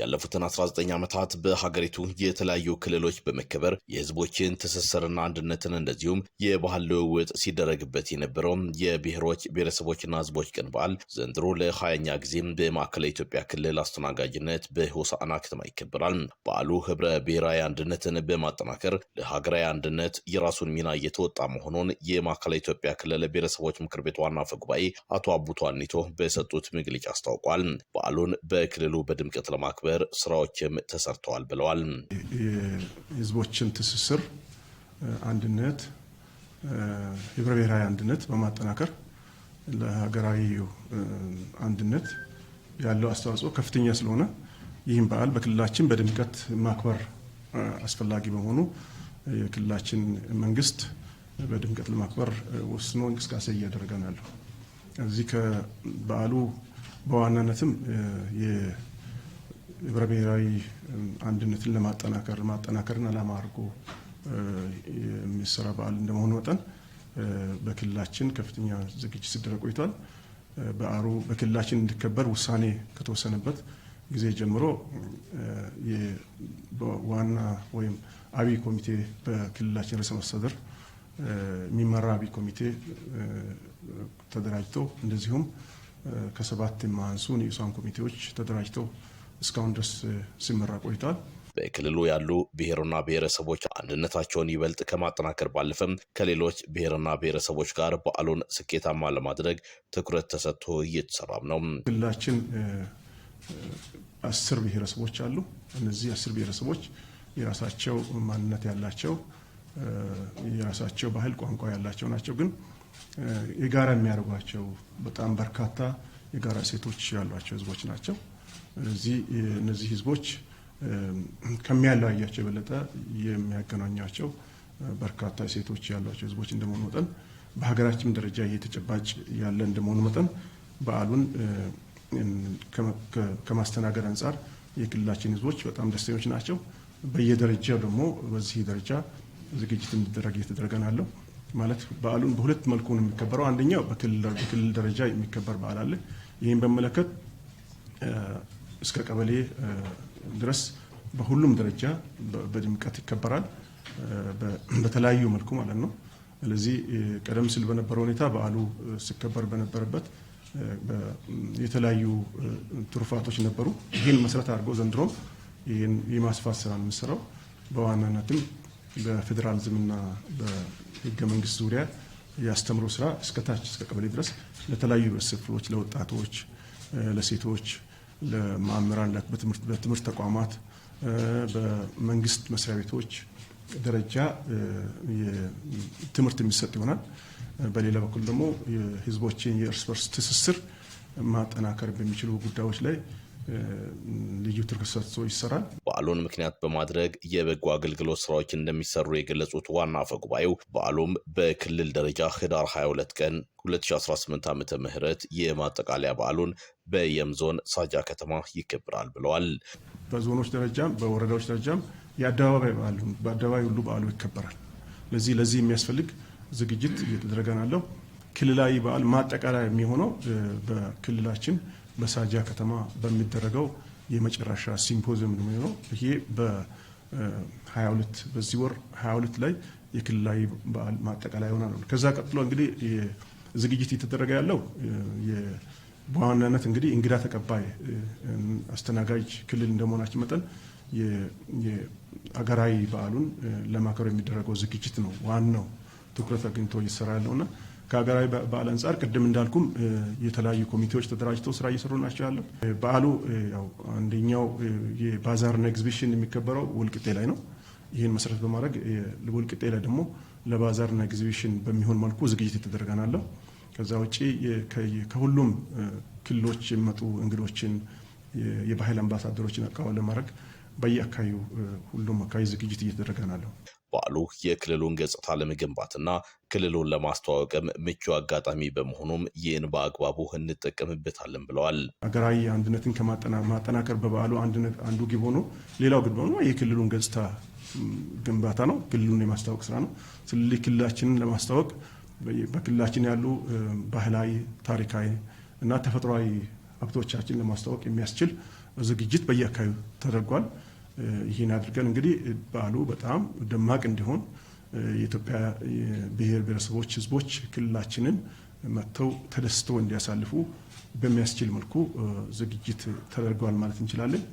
ያለፉትን 19 ዓመታት በሀገሪቱ የተለያዩ ክልሎች በመከበር የህዝቦችን ትስስርና አንድነትን እንደዚሁም የባህል ልውውጥ ሲደረግበት የነበረው የብሔሮች ብሔረሰቦችና ህዝቦች ቀን በዓል ዘንድሮ ለሀያኛ ጊዜም በማዕከላዊ ኢትዮጵያ ክልል አስተናጋጅነት በሆሳዕና ከተማ ይከበራል። በዓሉ ህብረ ብሔራዊ አንድነትን በማጠናከር ለሀገራዊ አንድነት የራሱን ሚና እየተወጣ መሆኑን የማዕከላዊ ኢትዮጵያ ክልል ብሔረሰቦች ምክር ቤት ዋና አፈ ጉባኤ አቶ አቡቶ አኒቶ በሰጡት መግለጫ አስታውቋል። በዓሉን በክልሉ በድምቀት ለማክበር የማክበር ስራዎችም ተሰርተዋል ብለዋል። የህዝቦችን ትስስር፣ አንድነት፣ የህብረ ብሔራዊ አንድነት በማጠናከር ለሀገራዊ አንድነት ያለው አስተዋጽኦ ከፍተኛ ስለሆነ ይህም በዓል በክልላችን በድምቀት ማክበር አስፈላጊ በመሆኑ የክልላችን መንግስት በድምቀት ለማክበር ወስኖ እንቅስቃሴ እያደረገ ነው ያለው። እዚህ ከበዓሉ በዋናነትም ህብረ ብሔራዊ አንድነትን ለማጠናከር ማጠናከርን ዓላማ አድርጎ የሚሰራ በዓል እንደመሆኑ መጠን በክልላችን ከፍተኛ ዝግጅት ሲደረግ ቆይቷል። በዓሉ በክልላችን እንዲከበር ውሳኔ ከተወሰነበት ጊዜ ጀምሮ ዋና ወይም አብይ ኮሚቴ በክልላችን ርዕሰ መስተዳድር የሚመራ አብይ ኮሚቴ ተደራጅተው እንደዚሁም ከሰባት የማያንሱ ንዑሳን ኮሚቴዎች ተደራጅተው እስካሁን ድረስ ሲመራ ቆይቷል። በክልሉ ያሉ ብሔርና ብሔረሰቦች አንድነታቸውን ይበልጥ ከማጠናከር ባለፈም ከሌሎች ብሔርና ብሔረሰቦች ጋር በዓሉን ስኬታማ ለማድረግ ትኩረት ተሰጥቶ እየተሰራም ነው። ክልላችን አስር ብሔረሰቦች አሉ። እነዚህ አስር ብሔረሰቦች የራሳቸው ማንነት ያላቸው የራሳቸው ባህል፣ ቋንቋ ያላቸው ናቸው። ግን የጋራ የሚያደርጓቸው በጣም በርካታ የጋራ ሴቶች ያሏቸው ህዝቦች ናቸው። እዚህ እነዚህ ህዝቦች ከሚያለያያቸው የበለጠ የሚያገናኛቸው በርካታ ሴቶች ያሏቸው ህዝቦች እንደመሆኑ መጠን በሀገራችን ደረጃ እየተጨባጭ ተጨባጭ ያለ እንደመሆኑ መጠን በዓሉን ከማስተናገድ አንጻር የክልላችን ህዝቦች በጣም ደስተኞች ናቸው። በየደረጃው ደግሞ በዚህ ደረጃ ዝግጅት እንዲደረግ እየተደረገ ናለው ማለት በዓሉን በሁለት መልኩ ነው የሚከበረው። አንደኛው በክልል ደረጃ የሚከበር በዓል አለ። ይህን በመለከት እስከ ቀበሌ ድረስ በሁሉም ደረጃ በድምቀት ይከበራል፣ በተለያዩ መልኩ ማለት ነው። ስለዚህ ቀደም ሲል በነበረው ሁኔታ በአሉ ሲከበር በነበረበት የተለያዩ ትሩፋቶች ነበሩ። ይህን መስረት አድርጎ ዘንድሮም ይህን የማስፋት ስራ የምሰራው በዋናነትም በፌዴራሊዝምና በህገ መንግስት ዙሪያ የአስተምሮ ስራ እስከ ታች እስከ ቀበሌ ድረስ ለተለያዩ ህብረተሰብ ክፍሎች፣ ለወጣቶች፣ ለሴቶች፣ ለማምራን፣ በትምህርት ተቋማት፣ በመንግስት መስሪያ ቤቶች ደረጃ ትምህርት የሚሰጥ ይሆናል። በሌላ በኩል ደግሞ የህዝቦችን የእርስ በርስ ትስስር ማጠናከር በሚችሉ ጉዳዮች ላይ ልዩ ትርክ ሰጥቶ ይሰራል። በዓሉን ምክንያት በማድረግ የበጎ አገልግሎት ስራዎች እንደሚሰሩ የገለጹት ዋና አፈ ጉባኤው በዓሉም በክልል ደረጃ ህዳር 22 ቀን 2018 ዓ ም የማጠቃለያ በዓሉን በየም ዞን ሳጃ ከተማ ይከብራል ብለዋል። በዞኖች ደረጃም በወረዳዎች ደረጃም የአደባባይ በዓሉ በአደባባይ ሁሉ በዓሉ ይከበራል። ለዚህ ለዚህ የሚያስፈልግ ዝግጅት እየተደረገ ነው ክልላዊ በዓል ማጠቃለያ የሚሆነው በክልላችን በሳጃ ከተማ በሚደረገው የመጨረሻ ሲምፖዚየም ነው የሚሆነው። ይሄ በ22 በዚህ ወር 22 ላይ የክልላዊ በዓል ማጠቃላይ ይሆናል። ከዛ ቀጥሎ እንግዲህ ዝግጅት እየተደረገ ያለው በዋናነት እንግዲህ እንግዳ ተቀባይ አስተናጋጅ ክልል እንደመሆናችን መጠን የአገራዊ በዓሉን ለማክበር የሚደረገው ዝግጅት ነው ዋናው ትኩረት አግኝቶ እየሰራ ያለውና ከሀገራዊ በዓል አንጻር ቅድም እንዳልኩም የተለያዩ ኮሚቴዎች ተደራጅተው ስራ እየሰሩ ናቸው ያለው። በዓሉ አንደኛው የባዛርና ኤግዚቢሽን የሚከበረው ወልቅጤ ላይ ነው። ይህን መሰረት በማድረግ ወልቅጤ ላይ ደግሞ ለባዛርና ኤግዚቢሽን በሚሆን መልኩ ዝግጅት የተደረገ ከዛ ውጭ ከሁሉም ክልሎች የሚመጡ እንግዶችን የባህል አምባሳደሮችን አቀባበል ለማድረግ በየአካባቢው ሁሉም አካባቢ ዝግጅት እየተደረገ በዓሉ የክልሉን ገጽታ ለመገንባትና ክልሉን ለማስተዋወቅም ምቹ አጋጣሚ በመሆኑም ይህን በአግባቡ እንጠቀምበታለን ብለዋል። አገራዊ አንድነትን ከማጠናከር በበዓሉ አንዱ ግብ ሆኖ ሌላው ግብ ሆኖ የክልሉን ገጽታ ግንባታ ነው። ክልሉን የማስታወቅ ስራ ነው። ስለዚህ ክልላችንን ለማስታወቅ በክልላችን ያሉ ባህላዊ፣ ታሪካዊ እና ተፈጥሯዊ ሀብቶቻችን ለማስታወቅ የሚያስችል ዝግጅት በየአካባቢው ተደርጓል። ይህን አድርገን እንግዲህ በዓሉ በጣም ደማቅ እንዲሆን የኢትዮጵያ ብሔር ብሔረሰቦች ህዝቦች ክልላችንን መጥተው ተደስተው እንዲያሳልፉ በሚያስችል መልኩ ዝግጅት ተደርገዋል ማለት እንችላለን።